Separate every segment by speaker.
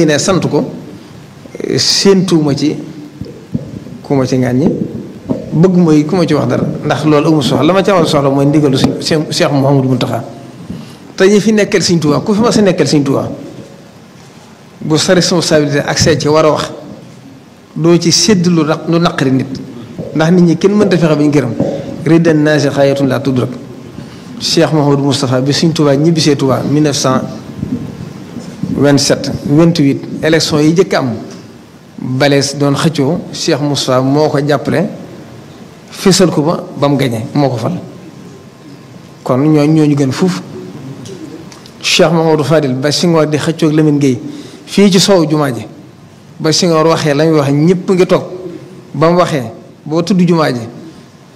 Speaker 1: ñu ne sant ko séentuwuma ci ku ma ci ŋàññi bëgg mooy ku ma ci wax dara ndax loolu amul soxla la ma ci amal soxla mooy ndigalu suñ Cheikh Mouhamadou Mountakha te ñi fi nekkal Sëriñ Tuubaa ku fi ma sa nekkal Sëriñ Tuubaa bu sa responsabilité ak see ci war a wax doo ci sédd lu naq lu naqari nit ndax nit ñi kenn mënta fexe ba ñu gërëm ridan naasi xaayatun laa tudd rek Cheikh Mouhamadou Moustapha bi Sëriñ Tuubaa ñibbisee Tuubaa 1900 27 28 élection yi jëkk am balees doon xëccoo Cheikh Moussa moo ko jàppale fésal ko ba ba mu gañe moo ko fal kon ñooñu ñooñu gën fuuf Cheikh Mamadou Fadil ba Senghor di xëccoo ak Lamine Gueye fii ci soow jumaa ji ba Senghor waxee lañuy wax ñëpp ngi toog ba mu waxee boo tudd jumaa ji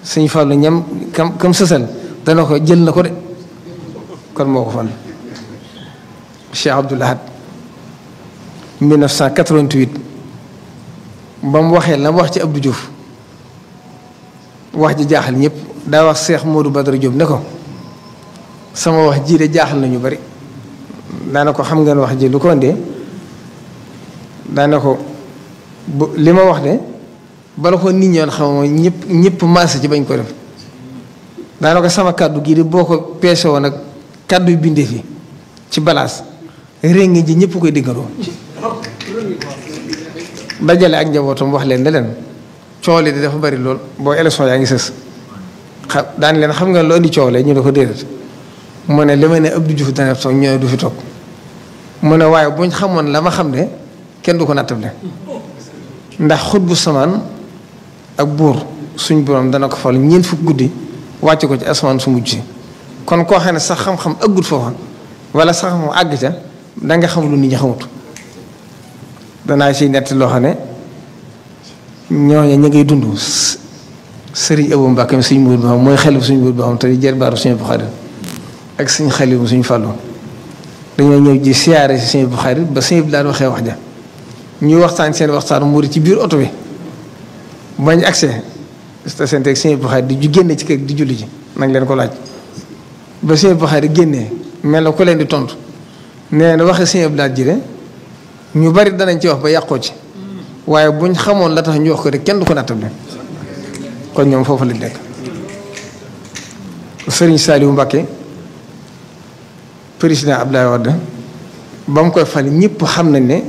Speaker 1: suñu fàllu ñam kam kam sësal dana ko jël na ko de kon moo ko fal Cheikh Abdoul Ahad 1988 ba mu waxee la mu wax ci Abdou Diouf wax ji jaaxal ñépp daa wax Cheikh Modou Badara jóob ne ko sama wax jii de jaaxal na ñu bari ne ko xam ngeen wax ji lu ko andee ne ko bu li ma wax de bala ko nit ñoon xam ma ñëpp ñëpp maase ci bañ ko def daana ko sama kàddu gii de boo ko peese woon ak kàddu yu bindee fi ci balaas réngi ji ñëpp koy diggaloo dajale ak njabootam wax leen ne leen coow li di dafa bari lool boo élection yaa ngi sës xam daan leen xam nga loo indi coow ñu ne ko déedéet mu ne li ma ne Abdou Diouf dana toog ñooy du fi toog mu ne waaye buñ xamoon la ma xam ne kenn du ko nattable ndax xut bu samaan ak buur suñ borom dana ko fal ñeent fukk guddi wàcc ko ci asamaan su mujj si kon koo xam ne sax xam-xam ëggut foofa wala sax xam àgg ca danga xam lu nit ñi xamut danaa ci nett loo xam ne ñooñu ñu ngi dund sëriñ Abou Mbacke suñ mbuur bi xam mooy xelif suñ mbuur bi xam te jarbaaru suñu ak suñ xelif suñ fàllu dañoo ñëw ji siyaare si suñu Buxaari ba suñu bi daal waxee wax ja ñuy waxtaan seen waxtaan muur ci biir oto bi bañ accès te seen teg suñu Buxaari di ju génne ci kër di julli ji nañ leen ko laaj ba suñu Buxaari génnee mel na ku leen di tontu nee na waxe suñu Abdou ji ñu bari danañ ci wax ba yàqoo ci waaye buñ xamoon la tax ñu wax ko rek kenn du ko nattable kon ñoom foofu lañ nekk sëriñ Saliou Mbacké président Abdoulaye Wade ba mu koy fal ñëpp xam nañ ne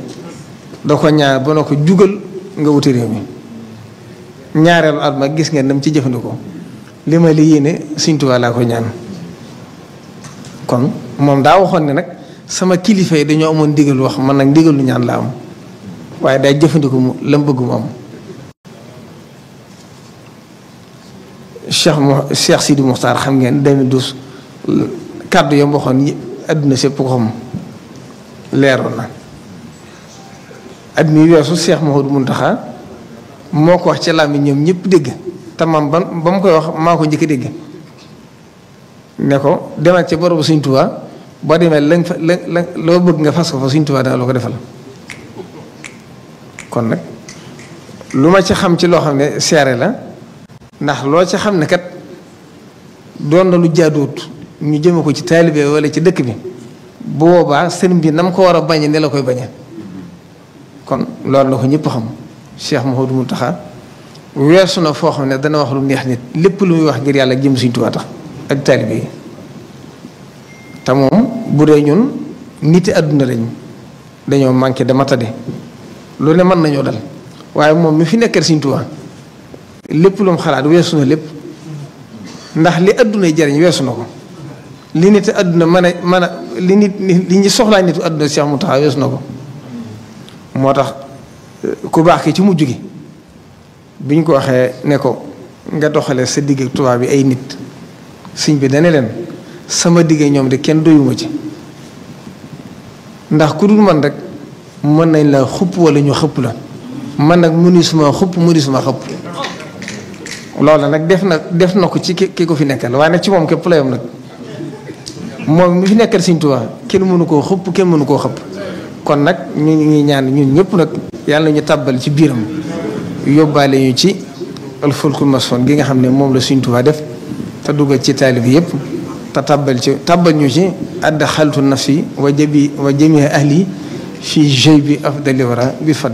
Speaker 1: da ko ñaar ba na ko jugal nga wuti réew mi ñaareel at ma gis ngeen dam ci jëfandikoo li ma li yéene Sëriñ ko ñaan kon moom daa waxoon ne nag sama kilifa yi dañu amoon digel wax man nak digel lu ñaan la am waye day jëfandiku mu lam bëgg mu am cheikh mu cheikh Sidi Mokhtar xam ngeen 2012 kàddu yam waxon àdduna sépp ko xam leeru na admi wessu cheikh Mouhamadou muntaha moko wax ci lami ñom ñepp deg te man ba ba koy wax mako ko deg ne ko demat ci borobu seigne touba boo demee lañ fa la la loo bëgg nga fas ko fa Sëriñ Tuubaa dana ko defal kon nag lu ma ci xam ci loo xam ne seere la ndax loo ci xam ne kat doon na lu jaaduwut ñu jëme ko ci taalibe wala ci dëkk bi bu boobaa sëriñ bi nam ko war a bañe ne la koy bañe kon loolu la ko ñëpp xam Cheikh Mouhamadou Mountakha weesu na foo xam ne dana wax lu neex nit lépp lu muy wax ngir yàlla jëm Sëriñ Tuubaa ak taalibe yi te moom bu dee ñun niti àdduna lañ dañoo manqué de matadi lu ne mën nañoo dal waaye moom mi fi nekkal Sëriñ Tuubaa lépp lu xalaat weesu na lépp ndax li àdduna jariñ weesu na ko li nit àdduna mën a mën a li nit li ñu soxlaa nitu àdduna Cheikh Mountakha weesu na ko moo tax eh, ku baax ki ci mujj gi bi ñu ko waxee ne ko nga doxale sa digg tubaab bi ay nit sëñ bi dane leen sama digge ñoom de kenn doyuma ci ndax ku dul man rek mën nañ la xupp wala ñu xëpp la man nag mënu suma xupp mënu suma xëpp loolu nag def na def na ko ci ki ko fi nekkal waaye nag ci moom képp la yam nag moom mi fi nekkal Sëriñ kenn mënu koo xupp kenn mënu koo xëpp kon nag ñu ngi ñaan ñun ñëpp nag yàlla ñu tàbbal ci biiram yóbbaale ñu ci alfulkul masoon gi nga xam ne moom la Sëriñ Tuubaa def te duggal ci taalib yëpp تتبل تبل نجي أدخلت النفسي وجبي وجميع أهلي في جيبي أفضل وراء بفضل